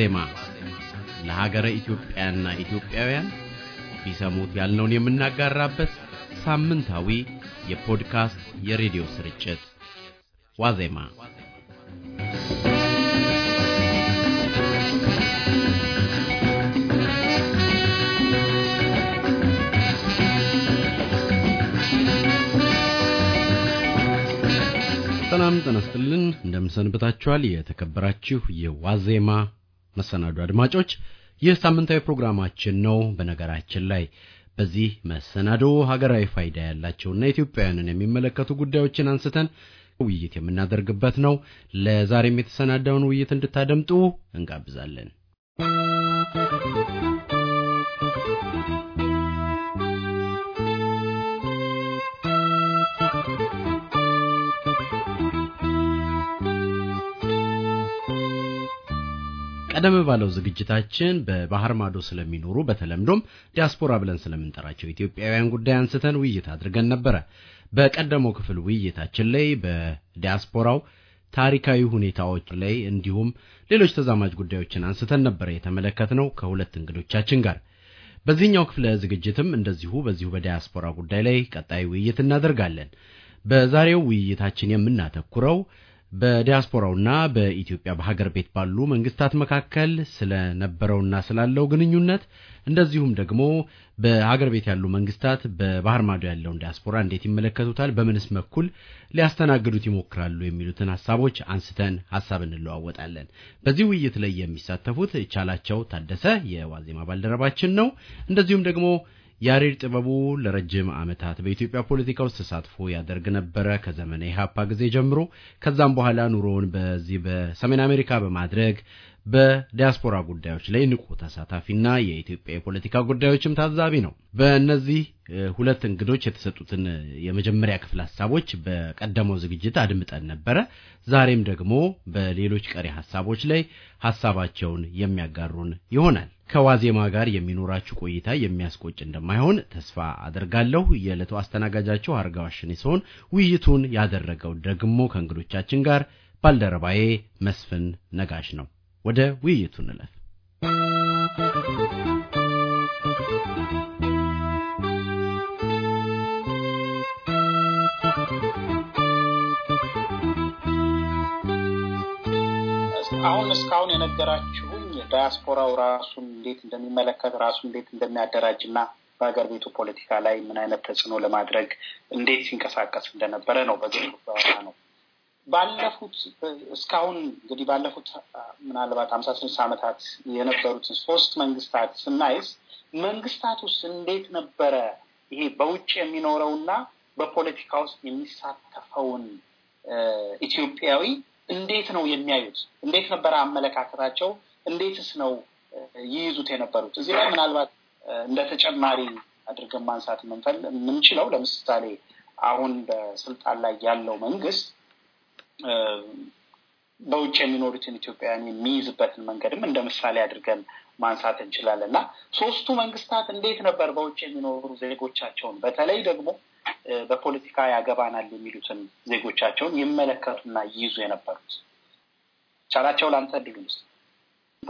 ዋዜማ ለሀገረ ኢትዮጵያና ኢትዮጵያውያን ቢሰሙት ያልነውን የምናጋራበት ሳምንታዊ የፖድካስት የሬዲዮ ስርጭት ዋዜማ ሰላም ጤና ይስጥልን። እንደምንሰንብታችኋል? የተከበራችሁ የዋዜማ መሰናዱ አድማጮች ይህ ሳምንታዊ ፕሮግራማችን ነው። በነገራችን ላይ በዚህ መሰናዶ ሀገራዊ ፋይዳ ያላቸውና ኢትዮጵያውያንን የሚመለከቱ ጉዳዮችን አንስተን ውይይት የምናደርግበት ነው። ለዛሬም የተሰናዳውን ውይይት እንድታደምጡ እንጋብዛለን። ቀደም ባለው ዝግጅታችን በባህር ማዶ ስለሚኖሩ በተለምዶም ዲያስፖራ ብለን ስለምንጠራቸው ኢትዮጵያውያን ጉዳይ አንስተን ውይይት አድርገን ነበረ። በቀደመው ክፍል ውይይታችን ላይ በዲያስፖራው ታሪካዊ ሁኔታዎች ላይ እንዲሁም ሌሎች ተዛማጅ ጉዳዮችን አንስተን ነበረ የተመለከትነው ከሁለት እንግዶቻችን ጋር። በዚህኛው ክፍለ ዝግጅትም እንደዚሁ በዚሁ በዲያስፖራ ጉዳይ ላይ ቀጣይ ውይይት እናደርጋለን። በዛሬው ውይይታችን የምናተኩረው በዲያስፖራውና በኢትዮጵያ በሀገር ቤት ባሉ መንግስታት መካከል ስለነበረውና ስላለው ግንኙነት እንደዚሁም ደግሞ በሀገር ቤት ያሉ መንግስታት በባህር ማዶ ያለውን ዲያስፖራ እንዴት ይመለከቱታል፣ በምንስ በኩል ሊያስተናግዱት ይሞክራሉ የሚሉትን ሀሳቦች አንስተን ሀሳብ እንለዋወጣለን። በዚህ ውይይት ላይ የሚሳተፉት ይቻላቸው ታደሰ የዋዜማ ባልደረባችን ነው። እንደዚሁም ደግሞ ያሬድ ጥበቡ ለረጅም ዓመታት በኢትዮጵያ ፖለቲካ ውስጥ ተሳትፎ ያደርግ ነበረ ከዘመነ ኢህአፓ ጊዜ ጀምሮ። ከዛም በኋላ ኑሮውን በዚህ በሰሜን አሜሪካ በማድረግ በዲያስፖራ ጉዳዮች ላይ ንቁ ተሳታፊና የኢትዮጵያ የፖለቲካ ጉዳዮችም ታዛቢ ነው። በእነዚህ ሁለት እንግዶች የተሰጡትን የመጀመሪያ ክፍል ሀሳቦች በቀደመው ዝግጅት አድምጠን ነበረ። ዛሬም ደግሞ በሌሎች ቀሪ ሀሳቦች ላይ ሀሳባቸውን የሚያጋሩን ይሆናል። ከዋዜማ ጋር የሚኖራችሁ ቆይታ የሚያስቆጭ እንደማይሆን ተስፋ አደርጋለሁ። የዕለቱ አስተናጋጃችሁ አርጋው ሲሆን ውይይቱን ያደረገው ደግሞ ከእንግዶቻችን ጋር ባልደረባዬ መስፍን ነጋሽ ነው። ወደ ውይይቱ እንለፍ። አሁን እስካሁን የነገራችሁኝ ዳያስፖራው ራሱን እንዴት እንደሚመለከት ራሱ እንዴት እንደሚያደራጅ እና በሀገር ቤቱ ፖለቲካ ላይ ምን አይነት ተጽዕኖ ለማድረግ እንዴት ሲንቀሳቀስ እንደነበረ ነው። በግል ነው ባለፉት እስካሁን እንግዲህ ባለፉት ምናልባት ሀምሳ ስድስት ዓመታት የነበሩትን ሶስት መንግስታት ስናይስ መንግስታት ውስጥ እንዴት ነበረ ይሄ በውጭ የሚኖረውና በፖለቲካ ውስጥ የሚሳተፈውን ኢትዮጵያዊ እንዴት ነው የሚያዩት? እንዴት ነበረ አመለካከታቸው? እንዴትስ ነው ይይዙት የነበሩት? እዚህ ላይ ምናልባት እንደ ተጨማሪ አድርገን ማንሳት የምንችለው ለምሳሌ አሁን በስልጣን ላይ ያለው መንግስት በውጭ የሚኖሩትን ኢትዮጵያውያን የሚይዝበትን መንገድም እንደ ምሳሌ አድርገን ማንሳት እንችላለን እና ሶስቱ መንግስታት እንዴት ነበር በውጭ የሚኖሩ ዜጎቻቸውን በተለይ ደግሞ በፖለቲካ ያገባናል የሚሉትን ዜጎቻቸውን ይመለከቱና ይይዙ የነበሩት? ቻላቸው ለአንተ ድሉ ውስጥ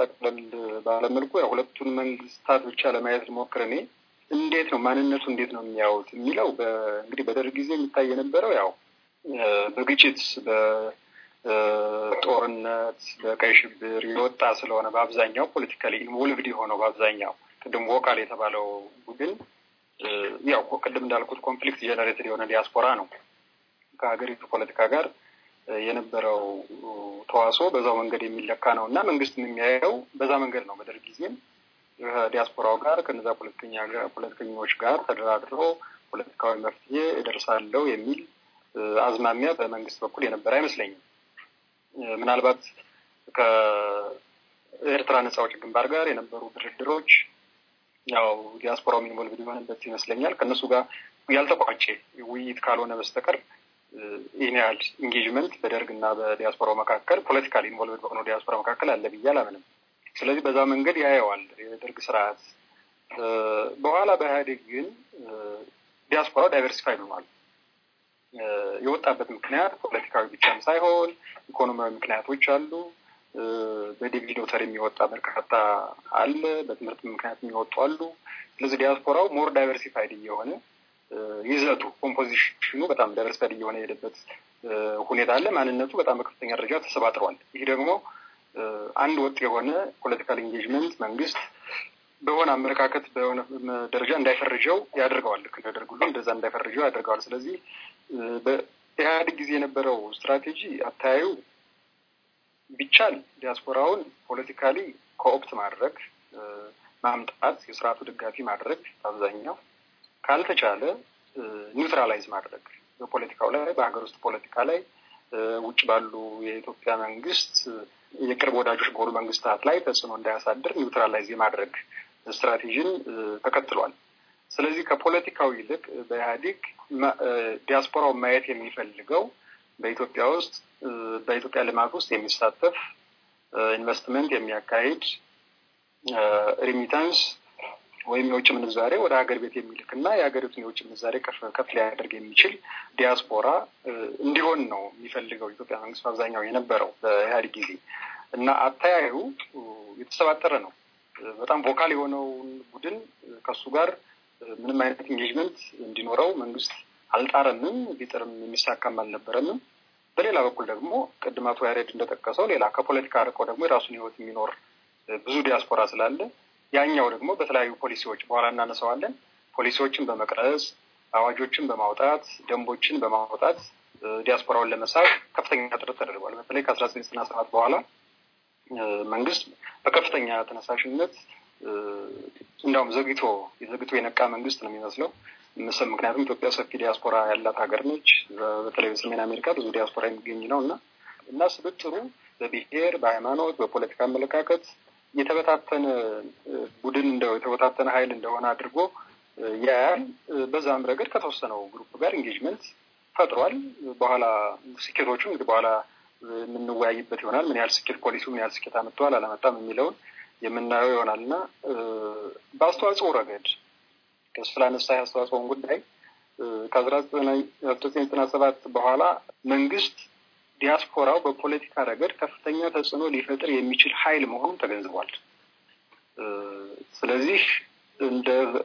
ጠቅለል ባለመልኩ ሁለቱን መንግስታት ብቻ ለማየት ልሞክር እኔ እንዴት ነው ማንነቱ እንዴት ነው የሚያዩት የሚለው እንግዲህ በደርግ ጊዜ የሚታይ የነበረው ያው በግጭት በጦርነት በቀይ ሽብር የወጣ ስለሆነ በአብዛኛው ፖለቲካሊ ኢንቮልቭድ የሆነው በአብዛኛው ቅድም ቮካል የተባለው ቡድን ያው ቅድም እንዳልኩት ኮንፍሊክት ጀነሬትድ የሆነ ዲያስፖራ ነው። ከሀገሪቱ ፖለቲካ ጋር የነበረው ተዋጽኦ በዛው መንገድ የሚለካ ነው እና መንግስት የሚያየው በዛ መንገድ ነው። በደርግ ጊዜም ከዲያስፖራው ጋር ከነዛ ፖለቲከኛ ፖለቲከኞች ጋር ተደራድሮ ፖለቲካዊ መፍትሄ እደርሳለሁ የሚል አዝማሚያ በመንግስት በኩል የነበረ አይመስለኝም። ምናልባት ከኤርትራ ነጻ አውጪ ግንባር ጋር የነበሩ ድርድሮች ያው ዲያስፖራው ኢንቮልቭድ የሆነበት ይመስለኛል። ከእነሱ ጋር ያልተቋጨ ውይይት ካልሆነ በስተቀር ይህን ያህል ኢንጌጅመንት በደርግ እና በዲያስፖራው መካከል ፖለቲካል ኢንቮልቭድ በሆነው ዲያስፖራ መካከል አለ ብዬ አላምንም። ስለዚህ በዛ መንገድ ያየዋል የደርግ ስርዓት። በኋላ በኢህአዴግ ግን ዲያስፖራው ዳይቨርሲፋይ ሆኗል። የወጣበት ምክንያት ፖለቲካዊ ብቻም ሳይሆን ኢኮኖሚያዊ ምክንያቶች አሉ። በዲግሪ ዶክተር የሚወጣ በርካታ አለ። በትምህርት ምክንያት የሚወጡ አሉ። ስለዚህ ዲያስፖራው ሞር ዳይቨርሲፋይድ እየሆነ ይዘቱ ኮምፖዚሽኑ በጣም ዳይቨርሲፋይድ እየሆነ የሄደበት ሁኔታ አለ። ማንነቱ በጣም በከፍተኛ ደረጃ ተሰባጥሯል። ይህ ደግሞ አንድ ወጥ የሆነ ፖለቲካል ኢንጌጅመንት መንግስት በሆነ አመለካከት በሆነ ደረጃ እንዳይፈርጀው ያደርገዋል። ልክ እንደ ሁሉ እንደዛ እንዳይፈርጀው ያደርገዋል። ስለዚህ በኢህአዴግ ጊዜ የነበረው ስትራቴጂ አታያዩ ቢቻል ዲያስፖራውን ፖለቲካሊ ከኦፕት ማድረግ ማምጣት፣ የስርዓቱ ደጋፊ ማድረግ አብዛኛው ካልተቻለ ኒውትራላይዝ ማድረግ በፖለቲካው ላይ በሀገር ውስጥ ፖለቲካ ላይ ውጭ ባሉ የኢትዮጵያ መንግስት የቅርብ ወዳጆች በሆኑ መንግስታት ላይ ተጽዕኖ እንዳያሳድር ኒውትራላይዝ የማድረግ ስትራቴጂን ተከትሏል። ስለዚህ ከፖለቲካው ይልቅ በኢህአዴግ ዲያስፖራው ማየት የሚፈልገው በኢትዮጵያ ውስጥ በኢትዮጵያ ልማት ውስጥ የሚሳተፍ ኢንቨስትመንት የሚያካሂድ ሪሚታንስ ወይም የውጭ ምንዛሬ ወደ ሀገር ቤት የሚልክ እና የሀገሪቱን የውጭ ምንዛሬ ከፍ ሊያደርግ የሚችል ዲያስፖራ እንዲሆን ነው የሚፈልገው ኢትዮጵያ መንግስት በአብዛኛው የነበረው በኢህአዴግ ጊዜ እና አተያዩ የተሰባጠረ ነው። በጣም ቮካል የሆነውን ቡድን ከሱ ጋር ምንም አይነት ኢንጌጅመንት እንዲኖረው መንግስት አልጣረምም፣ ቢጥርም የሚሳካም አልነበረምም። በሌላ በኩል ደግሞ ቅድም አቶ ያሬድ እንደጠቀሰው ሌላ ከፖለቲካ ርቆ ደግሞ የራሱን ህይወት የሚኖር ብዙ ዲያስፖራ ስላለ ያኛው ደግሞ በተለያዩ ፖሊሲዎች በኋላ እናነሰዋለን ፖሊሲዎችን በመቅረጽ አዋጆችን በማውጣት ደንቦችን በማውጣት ዲያስፖራውን ለመሳብ ከፍተኛ ጥረት ተደርጓል። በተለይ ከአስራ ዘጠኝ ስና ሰባት በኋላ መንግስት በከፍተኛ ተነሳሽነት እንዲሁም ዘግቶ ዘግቶ የነቃ መንግስት ነው የሚመስለው። ምክንያቱም ኢትዮጵያ ሰፊ ዲያስፖራ ያላት ሀገር ነች። በተለይ በሰሜን አሜሪካ ብዙ ዲያስፖራ የሚገኝ ነው እና እና ስብጥሩ በብሄር፣ በሃይማኖት፣ በፖለቲካ አመለካከት የተበታተነ ቡድን የተበታተነ ሀይል እንደሆነ አድርጎ ያያል። በዛም ረገድ ከተወሰነው ግሩፕ ጋር ኤንጌጅመንት ፈጥሯል። በኋላ ስኬቶቹ እንግዲህ በኋላ የምንወያይበት ይሆናል። ምን ያህል ስኬት ፖሊሲው ምን ያህል ስኬት አመጥተዋል አላመጣም የሚለውን የምናየው ይሆናል እና በአስተዋጽኦ ረገድ ከስፍላ ነፍሳዊ አስተዋጽኦን ጉዳይ ከአስራዘጠኝ ዘጠና ሰባት በኋላ መንግስት ዲያስፖራው በፖለቲካ ረገድ ከፍተኛ ተጽዕኖ ሊፈጥር የሚችል ሀይል መሆኑን ተገንዝቧል። ስለዚህ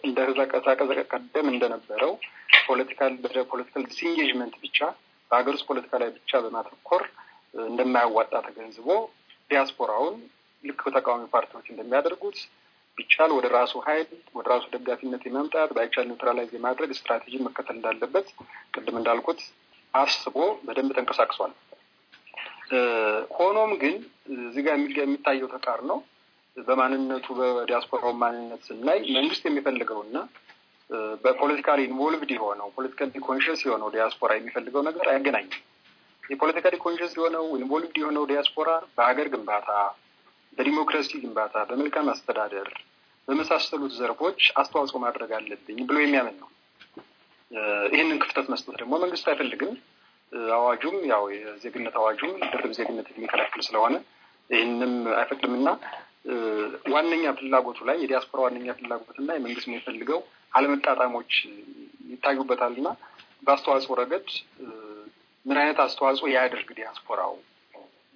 እንደ ህዛ ቀደም እንደነበረው ፖለቲካል ፖለቲካል ዲስኢንጌጅመንት ብቻ በሀገር ውስጥ ፖለቲካ ላይ ብቻ በማተኮር እንደማያዋጣ ተገንዝቦ ዲያስፖራውን ልክ በተቃዋሚ ፓርቲዎች እንደሚያደርጉት ቢቻል ወደ ራሱ ኃይል ወደ ራሱ ደጋፊነት የመምጣት ባይቻል ኒውትራላይዝ የማድረግ ስትራቴጂ መከተል እንዳለበት ቅድም እንዳልኩት አስቦ በደንብ ተንቀሳቅሷል። ሆኖም ግን እዚህ ጋር የሚታየው ተቃር ነው። በማንነቱ በዲያስፖራው ማንነት ስናይ መንግስት የሚፈልገውና በፖለቲካሊ ኢንቮልቭድ የሆነው ፖለቲካሊ ኮንሽስ የሆነው ዲያስፖራ የሚፈልገው ነገር አያገናኝም የፖለቲካሊ ኮንሽስ የሆነው ኢንቮልቭድ የሆነው ዲያስፖራ በሀገር ግንባታ በዲሞክራሲ ግንባታ፣ በመልካም አስተዳደር በመሳሰሉት ዘርፎች አስተዋጽኦ ማድረግ አለብኝ ብሎ የሚያምን ነው። ይህንን ክፍተት መስጠት ደግሞ መንግስት አይፈልግም። አዋጁም ያው የዜግነት አዋጁም ድርብ ዜግነት የሚከለክል ስለሆነ ይህንም አይፈቅድምና ዋነኛ ፍላጎቱ ላይ የዲያስፖራ ዋነኛ ፍላጎትና የመንግስት የሚፈልገው አለመጣጣሞች ይታዩበታልና በአስተዋጽኦ ረገድ ምን አይነት አስተዋጽኦ ያደርግ ዲያስፖራው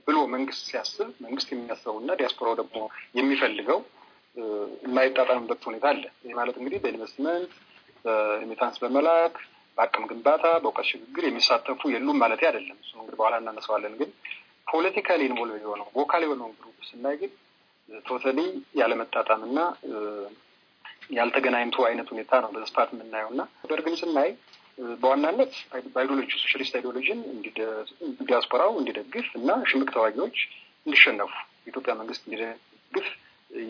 ብሎ መንግስት ሲያስብ መንግስት የሚያስበው እና ዲያስፖራው ደግሞ የሚፈልገው የማይጣጣምበት ሁኔታ አለ። ይህ ማለት እንግዲህ በኢንቨስትመንት በኢሚታንስ በመላክ በአቅም ግንባታ በእውቀት ሽግግር የሚሳተፉ የሉም ማለት አይደለም። እሱ እንግዲህ በኋላ እናነሳዋለን። ግን ፖለቲካሊ ኢንቮልቭ የሆነው ቮካል የሆነው ግሩፕ ስናይ ግን ቶታሊ ያለመጣጣም እና ያልተገናኝቱ አይነት ሁኔታ ነው በስፋት የምናየው እና በእርግም ስናይ በዋናነት አይዲዮሎጂ ሶሻሊስት አይዲዮሎጂን ዲያስፖራው እንዲደግፍ እና ሽምቅ ተዋጊዎች እንዲሸነፉ የኢትዮጵያ መንግስት እንዲደግፍ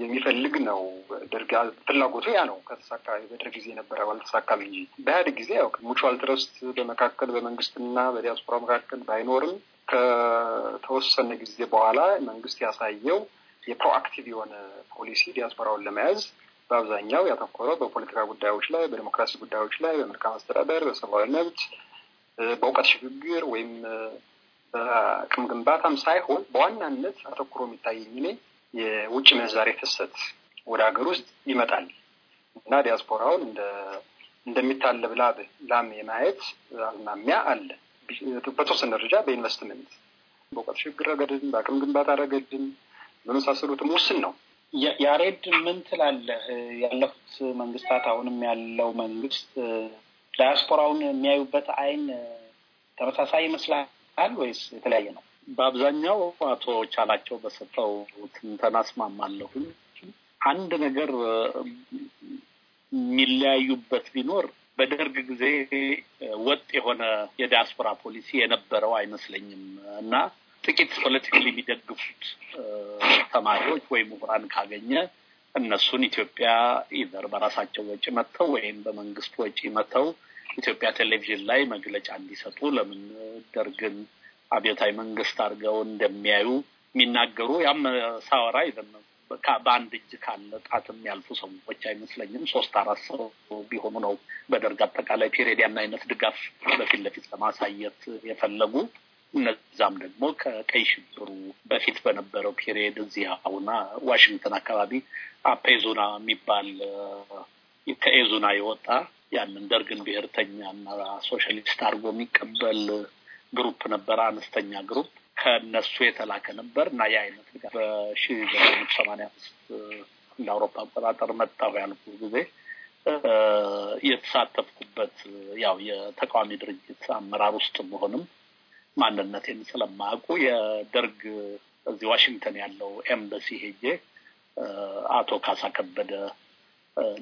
የሚፈልግ ነው። ደርግ ፍላጎቱ ያ ነው። ከተሳካ በደርግ ጊዜ የነበረ ባልተሳካም እንጂ በኢህአዴግ ጊዜ ያው ሙቹዋል ትረስት በመካከል በመንግስትና በዲያስፖራ መካከል ባይኖርም ከተወሰነ ጊዜ በኋላ መንግስት ያሳየው የፕሮአክቲቭ የሆነ ፖሊሲ ዲያስፖራውን ለመያዝ በአብዛኛው ያተኮረው በፖለቲካ ጉዳዮች ላይ፣ በዲሞክራሲ ጉዳዮች ላይ፣ በመልካም አስተዳደር፣ በሰብአዊ መብት፣ በእውቀት ሽግግር ወይም በአቅም ግንባታም ሳይሆን በዋናነት አተኩሮ የሚታየኝ እኔ የውጭ ምንዛሬ ፍሰት ወደ ሀገር ውስጥ ይመጣል እና ዲያስፖራውን እንደሚታለብ ላም የማየት አዝማሚያ አለ። በተወሰነ ደረጃ በኢንቨስትመንት፣ በእውቀት ሽግግር ረገድም፣ በአቅም ግንባታ ረገድም በመሳሰሉትም ውስን ነው። ያሬድ ምን ትላለህ? ያለፉት መንግስታት አሁንም ያለው መንግስት ዳያስፖራውን የሚያዩበት አይን ተመሳሳይ ይመስላል ወይስ የተለያየ ነው? በአብዛኛው አቶ ቻላቸው በሰጠው ትንተና አስማማለሁ አንድ ነገር የሚለያዩበት ቢኖር በደርግ ጊዜ ወጥ የሆነ የዲያስፖራ ፖሊሲ የነበረው አይመስለኝም እና ጥቂት ፖለቲካል የሚደግፉት ተማሪዎች ወይም ምሁራን ካገኘ እነሱን ኢትዮጵያ ኢዘር በራሳቸው ወጪ መጥተው ወይም በመንግስት ወጪ መጥተው ኢትዮጵያ ቴሌቪዥን ላይ መግለጫ እንዲሰጡ ለምን ደርግን አብዮታዊ መንግስት አድርገው እንደሚያዩ የሚናገሩ ያም ሳወራ ይዘን በአንድ እጅ ካለ ጣትም ያልፉ ሰዎች አይመስለኝም። ሶስት አራት ሰው ቢሆኑ ነው በደርግ አጠቃላይ ፒሬድ ያን አይነት ድጋፍ በፊት ለፊት ለማሳየት የፈለጉ እነዛም ደግሞ ከቀይ ሽብሩ በፊት በነበረው ፒሪየድ እዚህ አሁና ዋሽንግተን አካባቢ አፔዞና የሚባል ከኤዞና የወጣ ያንን ደርግን እና ሶሻሊስት አድርጎ የሚቀበል ግሩፕ ነበረ፣ አነስተኛ ግሩፕ ከነሱ የተላከ ነበር እና ያ አይነት ጋር በሺ ዘጠኝ ሰማንያ አምስት እንደ አውሮፓ አቆጣጠር መጣሁ ያልኩ ጊዜ የተሳተፍኩበት ያው የተቃዋሚ ድርጅት አመራር ውስጥ መሆንም ማንነቴን ስለማያውቁ የደርግ እዚህ ዋሽንግተን ያለው ኤምበሲ ሄጄ አቶ ካሳ ከበደ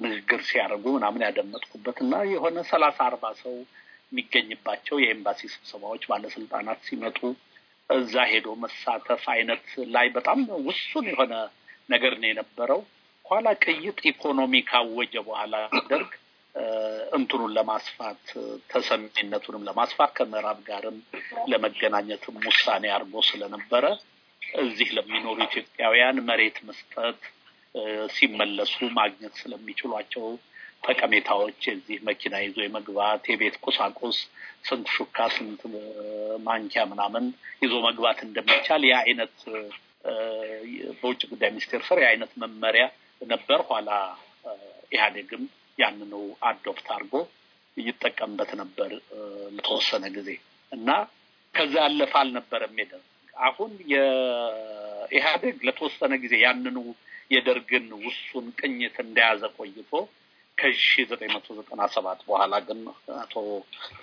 ንግግር ሲያደርጉ ምናምን ያደመጥኩበት እና የሆነ ሰላሳ አርባ ሰው የሚገኝባቸው የኤምባሲ ስብሰባዎች ባለስልጣናት ሲመጡ እዛ ሄዶ መሳተፍ አይነት ላይ በጣም ውሱን የሆነ ነገር ነው የነበረው። ኋላ ቅይጥ ኢኮኖሚ ካወጀ በኋላ ደርግ እንትኑን ለማስፋት ተሰሚነቱንም ለማስፋት ከምዕራብ ጋርም ለመገናኘትም ውሳኔ አድርጎ ስለነበረ እዚህ ለሚኖሩ ኢትዮጵያውያን መሬት መስጠት ሲመለሱ ማግኘት ስለሚችሏቸው ጠቀሜታዎች የዚህ መኪና ይዞ የመግባት የቤት ቁሳቁስ ስንት ሹካ ስንት ማንኪያ ምናምን ይዞ መግባት እንደሚቻል አይነት በውጭ ጉዳይ ሚኒስቴር ስር የአይነት መመሪያ ነበር። ኋላ ኢህአዴግም ያንኑ አዶፕት አድርጎ ይጠቀምበት ነበር ለተወሰነ ጊዜ እና ከዛ ያለፈ አልነበረም የደርግ። አሁን የኢህአዴግ ለተወሰነ ጊዜ ያንኑ የደርግን ውሱን ቅኝት እንደያዘ ቆይቶ ከሺ ዘጠኝ መቶ ዘጠና ሰባት በኋላ ግን አቶ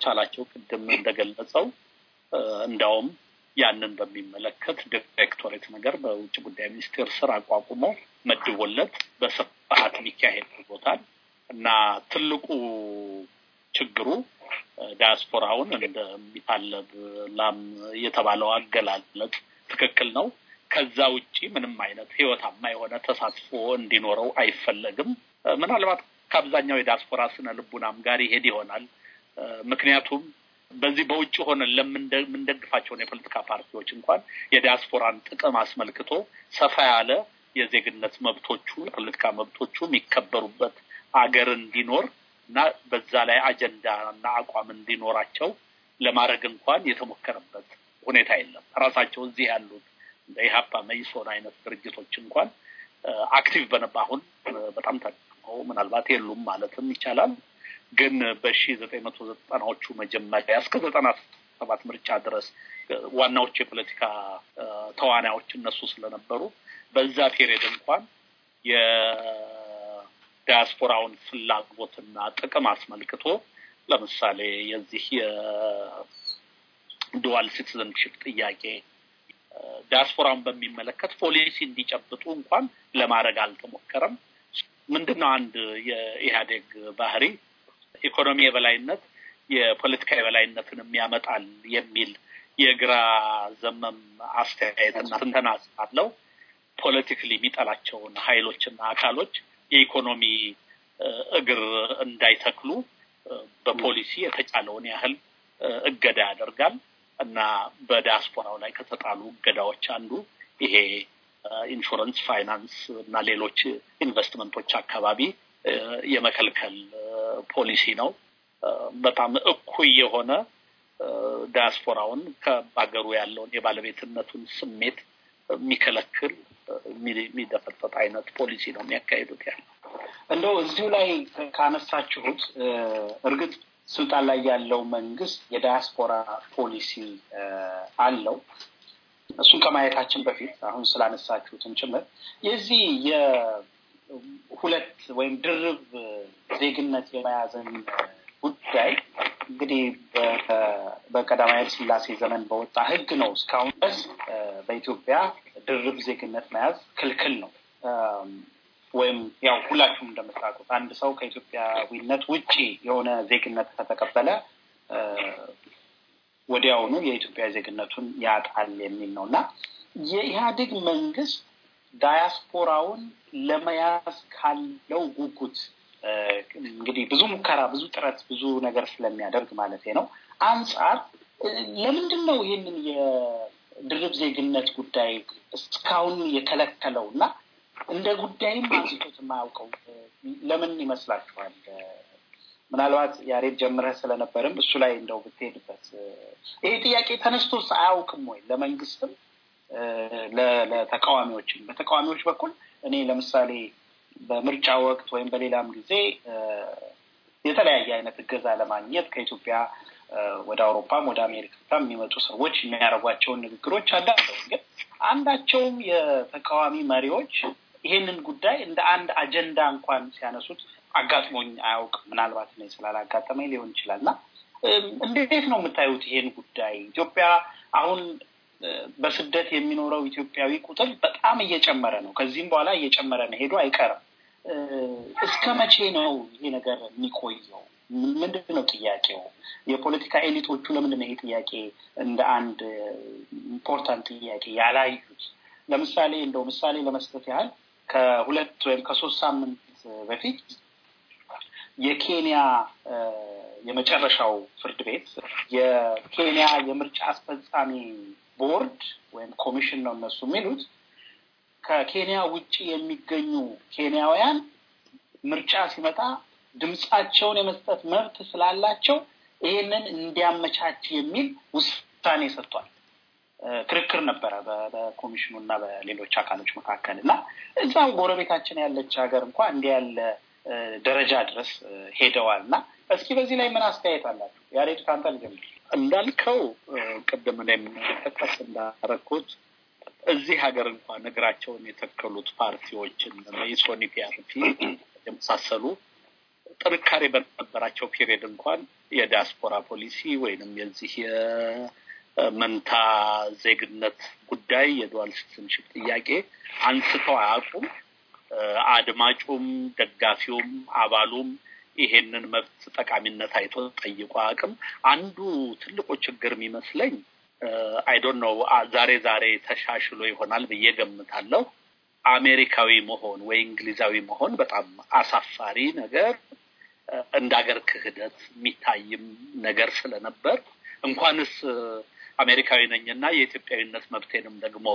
ቻላቸው ቅድም እንደገለጸው እንዲያውም ያንን በሚመለከት ዲሬክቶሬት ነገር በውጭ ጉዳይ ሚኒስቴር ስር አቋቁሞ መድቦለት በስፋት ሊካሄድ ይቦታል። እና ትልቁ ችግሩ ዲያስፖራውን እንደሚታለብ ላም የተባለው አገላለጥ ትክክል ነው። ከዛ ውጪ ምንም አይነት ህይወታማ የሆነ ተሳትፎ እንዲኖረው አይፈለግም። ምናልባት ከአብዛኛው የዲያስፖራ ስነ ልቡናም ጋር ይሄድ ይሆናል። ምክንያቱም በዚህ በውጭ ሆነን ለምንደግፋቸውን የፖለቲካ ፓርቲዎች እንኳን የዲያስፖራን ጥቅም አስመልክቶ ሰፋ ያለ የዜግነት መብቶቹ የፖለቲካ መብቶቹ የሚከበሩበት አገር እንዲኖር እና በዛ ላይ አጀንዳ እና አቋም እንዲኖራቸው ለማድረግ እንኳን የተሞከረበት ሁኔታ የለም። ራሳቸው እዚህ ያሉት እንደ ኢህአፓ መኢሶን አይነት ድርጅቶች እንኳን አክቲቭ በነባ አሁን በጣም ተጠቅመው ምናልባት የሉም ማለትም ይቻላል። ግን በሺ ዘጠኝ መቶ ዘጠናዎቹ መጀመሪያ እስከ ዘጠና ሰባት ምርጫ ድረስ ዋናዎቹ የፖለቲካ ተዋናዮች እነሱ ስለነበሩ በዛ ፔሬድ እንኳን ዲያስፖራውን ፍላጎትና ጥቅም አስመልክቶ ለምሳሌ የዚህ የዱዋል ሲቲዘንሽፕ ጥያቄ ዲያስፖራውን በሚመለከት ፖሊሲ እንዲጨብጡ እንኳን ለማድረግ አልተሞከረም። ምንድነው አንድ የኢህአዴግ ባህሪ ኢኮኖሚ የበላይነት የፖለቲካ የበላይነትንም ያመጣል የሚል የግራ ዘመም አስተያየትና ትንተና አለው። ፖለቲክሊ የሚጠላቸውን ሀይሎችና አካሎች የኢኮኖሚ እግር እንዳይተክሉ በፖሊሲ የተጫለውን ያህል እገዳ ያደርጋል እና በዲያስፖራው ላይ ከተጣሉ እገዳዎች አንዱ ይሄ ኢንሹረንስ፣ ፋይናንስ እና ሌሎች ኢንቨስትመንቶች አካባቢ የመከልከል ፖሊሲ ነው። በጣም እኩይ የሆነ ዲያስፖራውን ከሀገሩ ያለውን የባለቤትነቱን ስሜት የሚከለክል የሚደፈጠጥ አይነት ፖሊሲ ነው የሚያካሂዱት ያለ። እንደው እዚሁ ላይ ካነሳችሁት እርግጥ ስልጣን ላይ ያለው መንግስት የዳያስፖራ ፖሊሲ አለው። እሱን ከማየታችን በፊት አሁን ስላነሳችሁትን ጭምር የዚህ የሁለት ወይም ድርብ ዜግነት የመያዘን ጉዳይ እንግዲህ በቀዳማዊ ስላሴ ዘመን በወጣ ህግ ነው እስካሁን ድረስ በኢትዮጵያ ድርብ ዜግነት መያዝ ክልክል ነው። ወይም ያው ሁላችሁም እንደምታውቁት አንድ ሰው ከኢትዮጵያዊነት ውጭ የሆነ ዜግነት ከተቀበለ ወዲያውኑ የኢትዮጵያ ዜግነቱን ያጣል የሚል ነው እና የኢህአዴግ መንግስት ዳያስፖራውን ለመያዝ ካለው ጉጉት እንግዲህ ብዙ ሙከራ፣ ብዙ ጥረት፣ ብዙ ነገር ስለሚያደርግ ማለት ነው አንጻር ለምንድን ነው ይህንን ድርብ ዜግነት ጉዳይ እስካሁን የከለከለው እና እንደ ጉዳይም አንስቶት የማያውቀው ለምን ይመስላችኋል? ምናልባት ያሬድ ጀምረህ ስለነበርም እሱ ላይ እንደው ብትሄድበት ይሄ ጥያቄ ተነስቶ አያውቅም ወይ? ለመንግስትም ለተቃዋሚዎችም፣ በተቃዋሚዎች በኩል እኔ ለምሳሌ በምርጫ ወቅት ወይም በሌላም ጊዜ የተለያየ አይነት እገዛ ለማግኘት ከኢትዮጵያ ወደ አውሮፓም ወደ አሜሪካ የሚመጡ ሰዎች የሚያደርጓቸውን ንግግሮች አዳለው። ግን አንዳቸውም የተቃዋሚ መሪዎች ይሄንን ጉዳይ እንደ አንድ አጀንዳ እንኳን ሲያነሱት አጋጥሞኝ አያውቅ ምናልባት እኔ ስላላጋጠመኝ ሊሆን ይችላል። እና እንዴት ነው የምታዩት ይሄን ጉዳይ? ኢትዮጵያ አሁን በስደት የሚኖረው ኢትዮጵያዊ ቁጥር በጣም እየጨመረ ነው። ከዚህም በኋላ እየጨመረ ነው፣ ሄዶ አይቀርም። እስከ መቼ ነው ይሄ ነገር የሚቆየው? ምንድን ነው ጥያቄው? የፖለቲካ ኤሊቶቹ ለምንድን ነው ይሄ ጥያቄ እንደ አንድ ኢምፖርታንት ጥያቄ ያላዩት? ለምሳሌ እንደው ምሳሌ ለመስጠት ያህል ከሁለት ወይም ከሶስት ሳምንት በፊት የኬንያ የመጨረሻው ፍርድ ቤት የኬንያ የምርጫ አስፈጻሚ ቦርድ ወይም ኮሚሽን ነው እነሱ የሚሉት ከኬንያ ውጭ የሚገኙ ኬንያውያን ምርጫ ሲመጣ ድምፃቸውን የመስጠት መብት ስላላቸው ይህንን እንዲያመቻች የሚል ውሳኔ ሰጥቷል። ክርክር ነበረ በኮሚሽኑ እና በሌሎች አካሎች መካከል እና እዛም ጎረቤታችን ያለች ሀገር እንኳ እንዲህ ያለ ደረጃ ድረስ ሄደዋል እና እስኪ በዚህ ላይ ምን አስተያየት አላችሁ? ያሬድ ከአንተ ልጀምር። እንዳልከው ቅድም ላይ ጠቀስ እንዳረኩት እዚህ ሀገር እንኳ እግራቸውን የተከሉት ፓርቲዎችን ኢሶኒ ፒአርቲ የመሳሰሉ ጥንካሬ በነበራቸው ፔሪየድ እንኳን የዲያስፖራ ፖሊሲ ወይንም የዚህ የመንታ ዜግነት ጉዳይ የዱዋል ሲቲዝንሽፕ ጥያቄ አንስተው አያውቁም። አድማጩም ደጋፊውም አባሉም ይሄንን መብት ጠቃሚነት አይቶ ጠይቆ አቅም አንዱ ትልቁ ችግር የሚመስለኝ አይዶን ነው። ዛሬ ዛሬ ተሻሽሎ ይሆናል ብዬ ገምታለሁ። አሜሪካዊ መሆን ወይ እንግሊዛዊ መሆን በጣም አሳፋሪ ነገር እንደ ሀገር ክህደት የሚታይም ነገር ስለነበር እንኳንስ አሜሪካዊ ነኝና የኢትዮጵያዊነት መብቴንም ደግሞ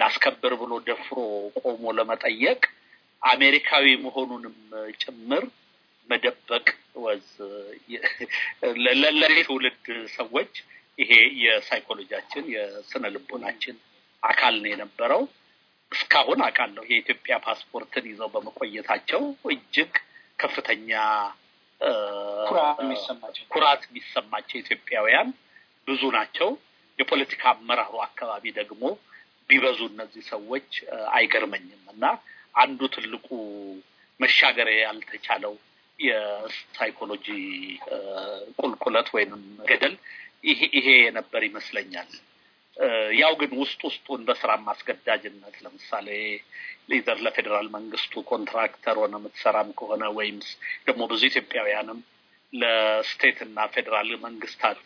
ላስከብር ብሎ ደፍሮ ቆሞ ለመጠየቅ አሜሪካዊ መሆኑንም ጭምር መደበቅ ወዝ ለሌ ትውልድ ሰዎች ይሄ የሳይኮሎጂያችን የስነ ልቦናችን አካል ነው የነበረው። እስካሁን አውቃለሁ የኢትዮጵያ ፓስፖርትን ይዘው በመቆየታቸው እጅግ ከፍተኛ ኩራት የሚሰማቸው ኢትዮጵያውያን ብዙ ናቸው። የፖለቲካ አመራሩ አካባቢ ደግሞ ቢበዙ እነዚህ ሰዎች አይገርመኝም እና አንዱ ትልቁ መሻገር ያልተቻለው የሳይኮሎጂ ቁልቁለት ወይም ገደል ይሄ የነበር ይመስለኛል። ያው ግን ውስጥ ውስጡን በስራም አስገዳጅነት ለምሳሌ ሊደር ለፌዴራል መንግስቱ ኮንትራክተር ሆነ የምትሰራም ከሆነ ወይም ደግሞ ብዙ ኢትዮጵያውያንም ለስቴት እና ፌዴራል መንግስታት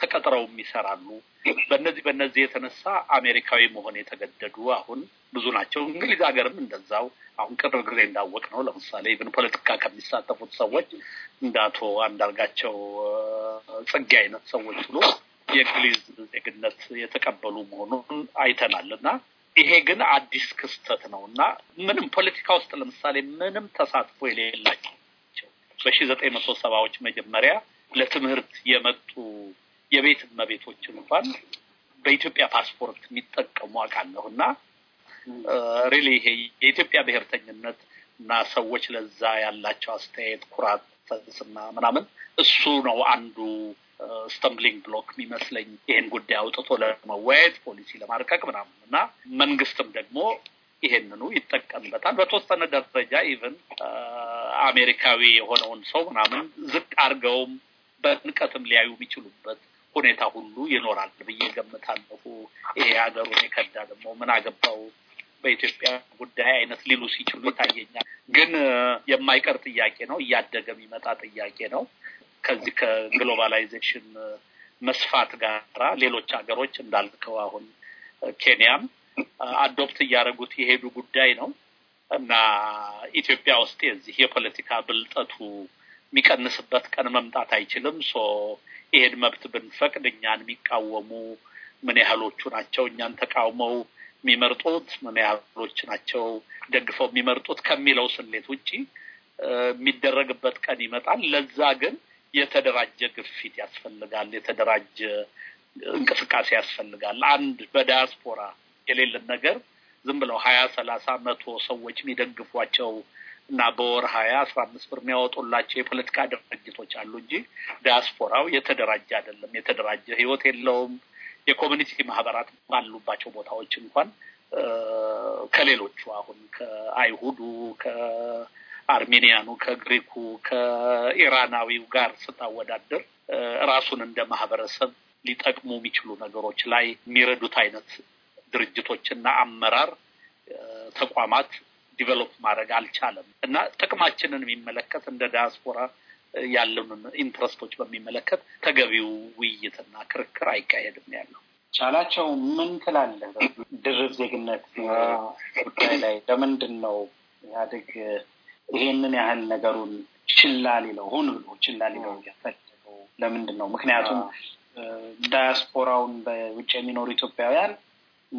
ተቀጥረውም ይሰራሉ። በነዚህ በነዚህ የተነሳ አሜሪካዊ መሆን የተገደዱ አሁን ብዙ ናቸው። እንግሊዝ ሀገርም እንደዛው አሁን ቅርብ ጊዜ እንዳወቅ ነው። ለምሳሌ ብን ፖለቲካ ከሚሳተፉት ሰዎች እንደ አቶ አንዳርጋቸው ጽጌ አይነት ሰዎች ብሎ የእንግሊዝ ዜግነት የተቀበሉ መሆኑን አይተናል እና ይሄ ግን አዲስ ክስተት ነው እና ምንም ፖለቲካ ውስጥ ለምሳሌ ምንም ተሳትፎ የሌላቸው በሺ ዘጠኝ መቶ ሰባዎች መጀመሪያ ለትምህርት የመጡ የቤት እመቤቶች እንኳን በኢትዮጵያ ፓስፖርት የሚጠቀሙ አውቃለሁ እና ሪሊ ይሄ የኢትዮጵያ ብሔርተኝነት እና ሰዎች ለዛ ያላቸው አስተያየት ኩራት እና ምናምን እሱ ነው አንዱ ስተምብሊንግ ብሎክ የሚመስለኝ ይሄን ጉዳይ አውጥቶ ለመወያየት ፖሊሲ ለማርቀቅ ምናምን እና መንግስትም ደግሞ ይሄንኑ ይጠቀምበታል። በተወሰነ ደረጃ ኢቨን አሜሪካዊ የሆነውን ሰው ምናምን ዝቅ አድርገውም በንቀትም ሊያዩ የሚችሉበት ሁኔታ ሁሉ ይኖራል ብዬ ገምታለሁ። ይሄ ሀገሩን የከዳ ደግሞ ምን አገባው በኢትዮጵያ ጉዳይ አይነት ሊሉ ሲችሉ ይታየኛል። ግን የማይቀር ጥያቄ ነው፣ እያደገ የሚመጣ ጥያቄ ነው። ከዚህ ከግሎባላይዜሽን መስፋት ጋራ ሌሎች ሀገሮች እንዳልከው አሁን ኬንያም አዶፕት እያደረጉት የሄዱ ጉዳይ ነው እና ኢትዮጵያ ውስጥ የዚህ የፖለቲካ ብልጠቱ የሚቀንስበት ቀን መምጣት አይችልም። ሶ ይሄን መብት ብንፈቅድ እኛን የሚቃወሙ ምን ያህሎቹ ናቸው እኛን ተቃውመው የሚመርጡት ምን ያህሎች ናቸው ደግፈው የሚመርጡት ከሚለው ስሌት ውጭ የሚደረግበት ቀን ይመጣል። ለዛ ግን የተደራጀ ግፊት ያስፈልጋል። የተደራጀ እንቅስቃሴ ያስፈልጋል። አንድ በዳያስፖራ የሌለን ነገር ዝም ብለው ሀያ ሰላሳ መቶ ሰዎች የሚደግፏቸው እና በወር ሀያ አስራ አምስት ብር የሚያወጡላቸው የፖለቲካ ድርጅቶች አሉ እንጂ ዳያስፖራው የተደራጀ አይደለም። የተደራጀ ህይወት የለውም። የኮሚኒቲ ማህበራት ባሉባቸው ቦታዎች እንኳን ከሌሎቹ አሁን ከአይሁዱ አርሜኒያኑ ከግሪኩ፣ ከኢራናዊው ጋር ስታወዳደር ራሱን እንደ ማህበረሰብ ሊጠቅሙ የሚችሉ ነገሮች ላይ የሚረዱት አይነት ድርጅቶችና አመራር ተቋማት ዲቨሎፕ ማድረግ አልቻለም እና ጥቅማችንን የሚመለከት እንደ ዳያስፖራ ያለንን ኢንትረስቶች በሚመለከት ተገቢው ውይይትና ክርክር አይካሄድም ያለው። ቻላቸው ምን ትላለህ? ድርብ ዜግነት ጉዳይ ላይ ለምንድን ነው ኢህአዴግ ይሄንን ያህል ነገሩን ችላ ሊለው ሆን ብሎ ችላ ሊለው የፈለገው ለምንድን ነው? ምክንያቱም ዳያስፖራውን በውጭ የሚኖሩ ኢትዮጵያውያን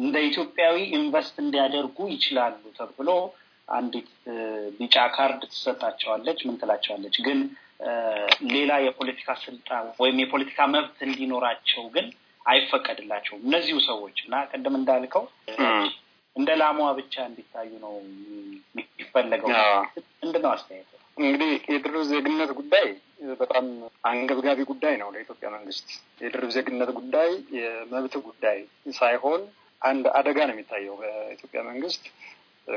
እንደ ኢትዮጵያዊ ኢንቨስት እንዲያደርጉ ይችላሉ ተብሎ አንዲት ቢጫ ካርድ ትሰጣቸዋለች። ምን ትላቸዋለች? ግን ሌላ የፖለቲካ ስልጣን ወይም የፖለቲካ መብት እንዲኖራቸው ግን አይፈቀድላቸውም እነዚሁ ሰዎች እና ቅድም እንዳልከው እንደ ላሟ ብቻ እንዲታዩ ነው የሚፈለገው? ምንድን ነው አስተያየት? እንግዲህ የድርብ ዜግነት ጉዳይ በጣም አንገብጋቢ ጉዳይ ነው ለኢትዮጵያ መንግስት። የድርብ ዜግነት ጉዳይ የመብት ጉዳይ ሳይሆን አንድ አደጋ ነው የሚታየው በኢትዮጵያ መንግስት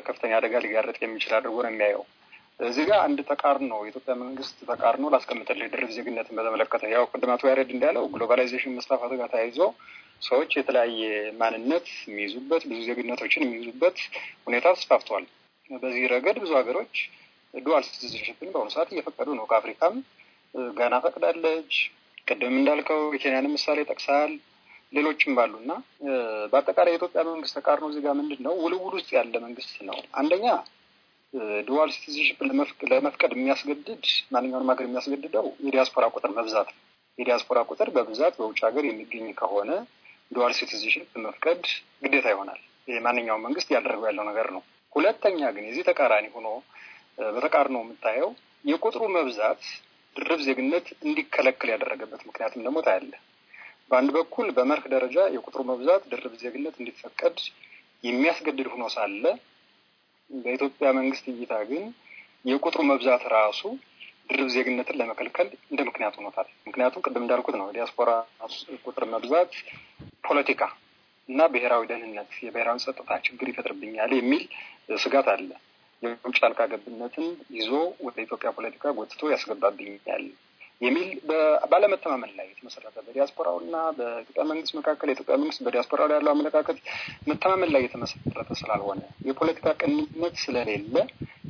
ከፍተኛ አደጋ ሊጋረጥ የሚችል አድርጎ ነው የሚያየው። እዚህ ጋር አንድ ተቃርኖ የኢትዮጵያ መንግስት ተቃርኖ ላስቀምጥልህ የድርብ ዜግነትን በተመለከተ ያው ቅድም አቶ ያሬድ እንዳለው ግሎባላይዜሽን መስፋፋት ጋር ተያይዞ ሰዎች የተለያየ ማንነት የሚይዙበት ብዙ ዜግነቶችን የሚይዙበት ሁኔታ ተስፋፍቷል። በዚህ ረገድ ብዙ ሀገሮች ዱዋል ሲቲዝንሽፕን በአሁኑ ሰዓት እየፈቀዱ ነው። ከአፍሪካም ጋና ፈቅዳለች። ቅድም እንዳልከው የኬንያን ምሳሌ ጠቅሰሃል። ሌሎችም ባሉ እና በአጠቃላይ የኢትዮጵያ መንግስት ተቃርኖ እዚህ ምንድን ነው ውልውል ውስጥ ያለ መንግስት ነው። አንደኛ ዱዋል ሲቲዝንሽፕ ለመፍቀድ የሚያስገድድ ማንኛውንም ሀገር የሚያስገድደው የዲያስፖራ ቁጥር መብዛት ነው። የዲያስፖራ ቁጥር በብዛት በውጭ ሀገር የሚገኝ ከሆነ ዱዋል ሲቲዝንሽፕ መፍቀድ ግዴታ ይሆናል። ማንኛውም መንግስት እያደረገው ያለው ነገር ነው። ሁለተኛ ግን የዚህ ተቃራኒ ሆኖ በተቃርኖ የምታየው የቁጥሩ መብዛት ድርብ ዜግነት እንዲከለከል ያደረገበት ምክንያትም ደግሞ ታያለ። በአንድ በኩል በመርህ ደረጃ የቁጥሩ መብዛት ድርብ ዜግነት እንዲፈቀድ የሚያስገድድ ሆኖ ሳለ በኢትዮጵያ መንግስት እይታ ግን የቁጥሩ መብዛት ራሱ ድርብ ዜግነትን ለመከልከል እንደ ምክንያት ሆኖታል። ምክንያቱም ቅድም እንዳልኩት ነው ዲያስፖራ ቁጥር መብዛት ፖለቲካ እና ብሔራዊ ደህንነት፣ የብሔራዊ ጸጥታ ችግር ይፈጥርብኛል የሚል ስጋት አለ። የውጭ አልካ ገብነትን ይዞ ወደ ኢትዮጵያ ፖለቲካ ጎትቶ ያስገባብኛል የሚል ባለመተማመን ላይ የተመሰረተ በዲያስፖራው እና በኢትዮጵያ መንግስት መካከል የኢትዮጵያ መንግስት በዲያስፖራ ላይ ያለው አመለካከት መተማመን ላይ የተመሰረተ ስላልሆነ የፖለቲካ ቅንነት ስለሌለ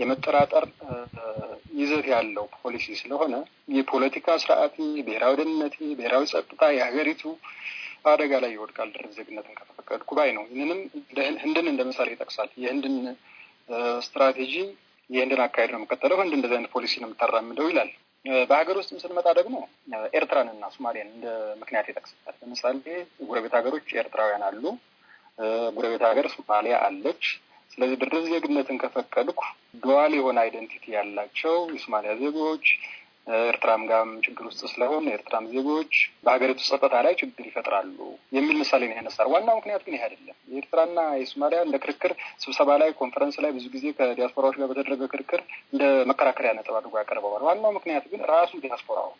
የመጠራጠር ይዘት ያለው ፖሊሲ ስለሆነ የፖለቲካ ስርዓት ብሔራዊ ደህንነቴ፣ ብሔራዊ ጸጥታ የሀገሪቱ አደጋ ላይ ይወድቃል ድርብ ዜግነትን ከተፈቀድኩ ባይ ነው። ይህንንም ህንድን እንደ ምሳሌ ይጠቅሳል። የህንድን ስትራቴጂ የህንድን አካሄድ ነው የምከተለው፣ ህንድ እንደዚህ አይነት ፖሊሲ ነው የምታራምደው ይላል። በሀገር ውስጥም ስንመጣ ደግሞ ኤርትራንና ሶማሊያን እንደ ምክንያት ይጠቅሳል። ለምሳሌ ጎረቤት ሀገሮች ኤርትራውያን አሉ፣ ጎረቤት ሀገር ሶማሊያ አለች። ስለዚህ ድርብ ዜግነትን ከፈቀድኩ ዱዋል የሆነ አይደንቲቲ ያላቸው የሶማሊያ ዜጎች ኤርትራም ጋርም ችግር ውስጥ ስለሆን ኤርትራም ዜጎች በሀገሪቱ ጸጥታ ላይ ችግር ይፈጥራሉ የሚል ምሳሌ ነው ያነሳል። ዋና ምክንያት ግን ይህ አይደለም። የኤርትራና የሶማሊያ እንደ ክርክር ስብሰባ ላይ ኮንፈረንስ ላይ ብዙ ጊዜ ከዲያስፖራዎች ጋር በተደረገ ክርክር እንደ መከራከሪያ ነጥብ አድርጎ ያቀርበዋል። ዋናው ምክንያት ግን ራሱ ዲያስፖራው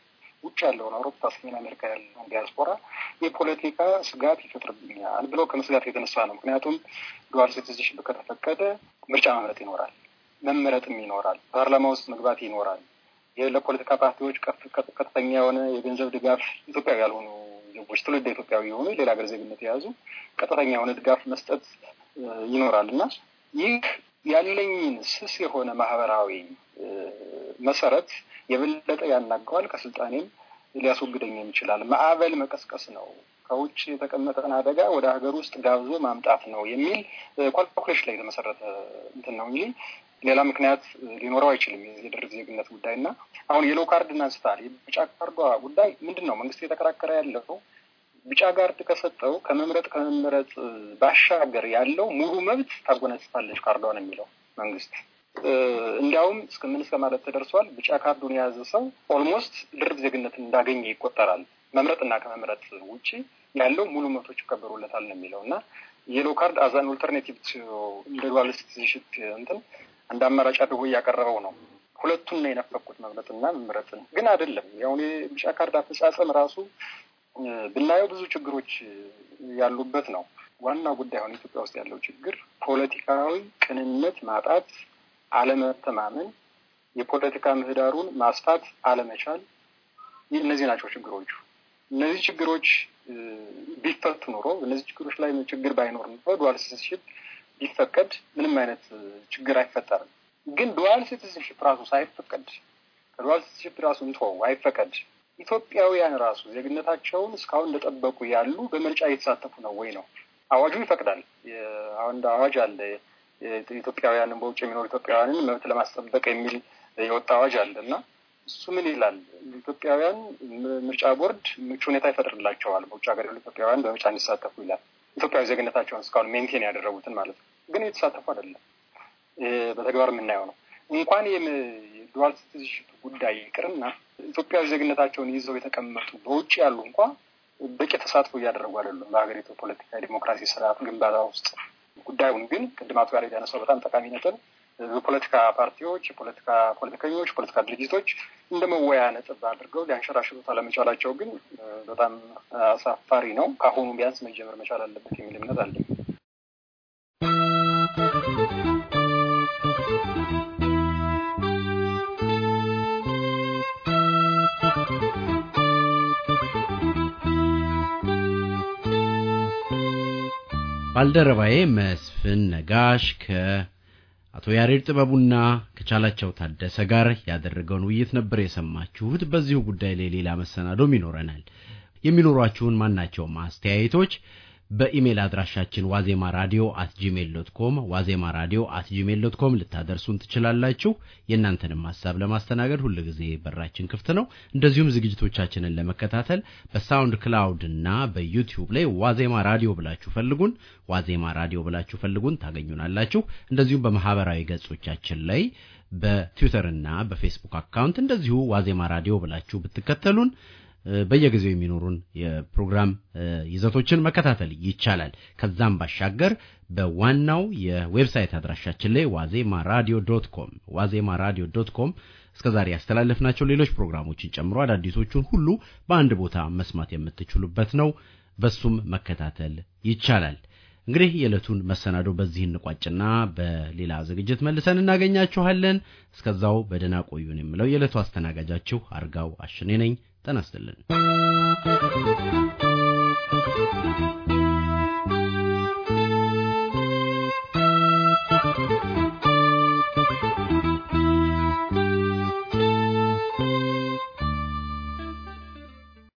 ውጭ ያለውን አውሮፓ፣ ሰሜን አሜሪካ ያለውን ዲያስፖራ የፖለቲካ ስጋት ይፈጥርብኛል ብሎ ከመስጋት የተነሳ ነው። ምክንያቱም ዱዋል ሲቲዝንሺፕ ከተፈቀደ ምርጫ መምረጥ ይኖራል፣ መመረጥም ይኖራል፣ ፓርላማ ውስጥ መግባት ይኖራል ለፖለቲካ ፓርቲዎች ከፍተኛ የሆነ የገንዘብ ድጋፍ ኢትዮጵያዊ ያልሆኑ ዜጎች ትውልደ ኢትዮጵያዊ የሆኑ ሌላ ሀገር ዜግነት የያዙ ቀጥተኛ የሆነ ድጋፍ መስጠት ይኖራል እና ይህ ያለኝን ስስ የሆነ ማህበራዊ መሰረት የበለጠ ያናገዋል፣ ከስልጣኔም ሊያስወግደኝም ይችላል። ማዕበል መቀስቀስ ነው፣ ከውጭ የተቀመጠን አደጋ ወደ ሀገር ውስጥ ጋብዞ ማምጣት ነው የሚል ኳልኩሌሽን ላይ የተመሰረተ እንትን ነው እንጂ ሌላ ምክንያት ሊኖረው አይችልም። የድርብ ዜግነት ጉዳይ እና አሁን የሎ ካርድ አንስታል። የቢጫ ካርዷ ጉዳይ ምንድን ነው? መንግስት የተከራከረ ያለው ቢጫ ካርድ ከሰጠው ከመምረጥ ከመምረጥ ባሻገር ያለው ሙሉ መብት ታጎናጽፋለች ካርዷ የሚለው መንግስት። እንዲያውም ምን እስከ ማለት ተደርሷል። ቢጫ ካርዱን የያዘ ሰው ኦልሞስት ድርብ ዜግነት እንዳገኘ ይቆጠራል። መምረጥና ከመምረጥ ውጪ ያለው ሙሉ መብቶች ይከበሩለታል ነው የሚለው እና የሎ ካርድ አዛን ኦልተርኔቲቭ ኢንዲቪድዋሊስት ሽት እንትን እንደ አማራጭ አድርጎ እያቀረበው ነው። ሁለቱን ነው የነፈኩት መምረጥና መምረጥን ግን አይደለም። ያሁን የቢጫ ካርድ አፈጻጸም ራሱ ብናየው ብዙ ችግሮች ያሉበት ነው። ዋና ጉዳይ አሁን ኢትዮጵያ ውስጥ ያለው ችግር ፖለቲካዊ ቅንነት ማጣት፣ አለመተማመን፣ የፖለቲካ ምህዳሩን ማስፋት አለመቻል፣ እነዚህ ናቸው ችግሮቹ። እነዚህ ችግሮች ቢፈቱ ኑሮ እነዚህ ችግሮች ላይ ችግር ባይኖር ኑሮ ዱዋል ሲቲዝንሺፕ ቢፈቀድ ምንም አይነት ችግር አይፈጠርም። ግን ዱዋል ሲቲዝንሽፕ ራሱ ሳይፈቀድ ከዱዋል ሲቲዝንሽፕ ራሱ እንቶ አይፈቀድ ኢትዮጵያውያን ራሱ ዜግነታቸውን እስካሁን እንደጠበቁ ያሉ በምርጫ እየተሳተፉ ነው ወይ ነው። አዋጁ ይፈቅዳል። አሁን አዋጅ አለ። ኢትዮጵያውያንን በውጭ የሚኖሩ ኢትዮጵያውያንን መብት ለማስጠበቅ የሚል የወጣ አዋጅ አለ እና እሱ ምን ይላል? ኢትዮጵያውያን ምርጫ ቦርድ ምቹ ሁኔታ ይፈጥርላቸዋል በውጭ ሀገር ያሉ ኢትዮጵያውያን በምርጫ እንዲሳተፉ ይላል። ኢትዮጵያዊ ዜግነታቸውን እስካሁን ሜንቴን ያደረጉትን ማለት ነው። ግን የተሳተፉ አይደለም። በተግባር የምናየው ነው። እንኳን የዱዋል ሲቲዝንሺፕ ጉዳይ ይቅርና ኢትዮጵያዊ ዜግነታቸውን ይዘው የተቀመጡ በውጭ ያሉ እንኳ በቂ ተሳትፎ እያደረጉ አይደሉም በሀገሪቱ ፖለቲካ ዲሞክራሲ ስርዓት ግንባታ ውስጥ። ጉዳዩን ግን ቅድማቱ ጋር ያነሳው በጣም ጠቃሚ ነጥብ የፖለቲካ ፓርቲዎች፣ የፖለቲካ ፖለቲከኞች፣ ፖለቲካ ድርጅቶች እንደ መወያ ነጥብ አድርገው ሊያንሸራሽሩት አለመቻላቸው ግን በጣም አሳፋሪ ነው። ከአሁኑ ቢያንስ መጀመር መቻል አለበት የሚል እምነት አለኝ። ባልደረባዬ መስፍን ነጋሽ ከአቶ ያሬድ ጥበቡና ከቻላቸው ታደሰ ጋር ያደረገውን ውይይት ነበር የሰማችሁት። በዚሁ ጉዳይ ላይ ሌላ መሰናዶም ይኖረናል። የሚኖሯችሁን ማናቸውም አስተያየቶች በኢሜል አድራሻችን ዋዜማ ራዲዮ አት ጂሜል ዶት ኮም ዋዜማ ራዲዮ አት ጂሜል ዶት ኮም ልታደርሱን ትችላላችሁ። የእናንተንም ሀሳብ ለማስተናገድ ሁል ጊዜ በራችን ክፍት ነው። እንደዚሁም ዝግጅቶቻችንን ለመከታተል በሳውንድ ክላውድ እና በዩቲዩብ ላይ ዋዜማ ራዲዮ ብላችሁ ፈልጉን፣ ዋዜማ ራዲዮ ብላችሁ ፈልጉን ታገኙናላችሁ። እንደዚሁም በማህበራዊ ገጾቻችን ላይ በትዊተርና በፌስቡክ አካውንት እንደዚሁ ዋዜማ ራዲዮ ብላችሁ ብትከተሉን በየጊዜው የሚኖሩን የፕሮግራም ይዘቶችን መከታተል ይቻላል። ከዛም ባሻገር በዋናው የዌብሳይት አድራሻችን ላይ ዋዜማ ራዲዮ ዶት ኮም ዋዜማ ራዲዮ ዶት ኮም እስከዛሬ ያስተላለፍናቸው ሌሎች ፕሮግራሞችን ጨምሮ አዳዲሶቹን ሁሉ በአንድ ቦታ መስማት የምትችሉበት ነው። በሱም መከታተል ይቻላል። እንግዲህ የዕለቱን መሰናዶ በዚህ እንቋጭና በሌላ ዝግጅት መልሰን እናገኛችኋለን። እስከዛው በደህና ቆዩን የምለው የዕለቱ አስተናጋጃችሁ አርጋው አሽኔ ነኝ። ጤና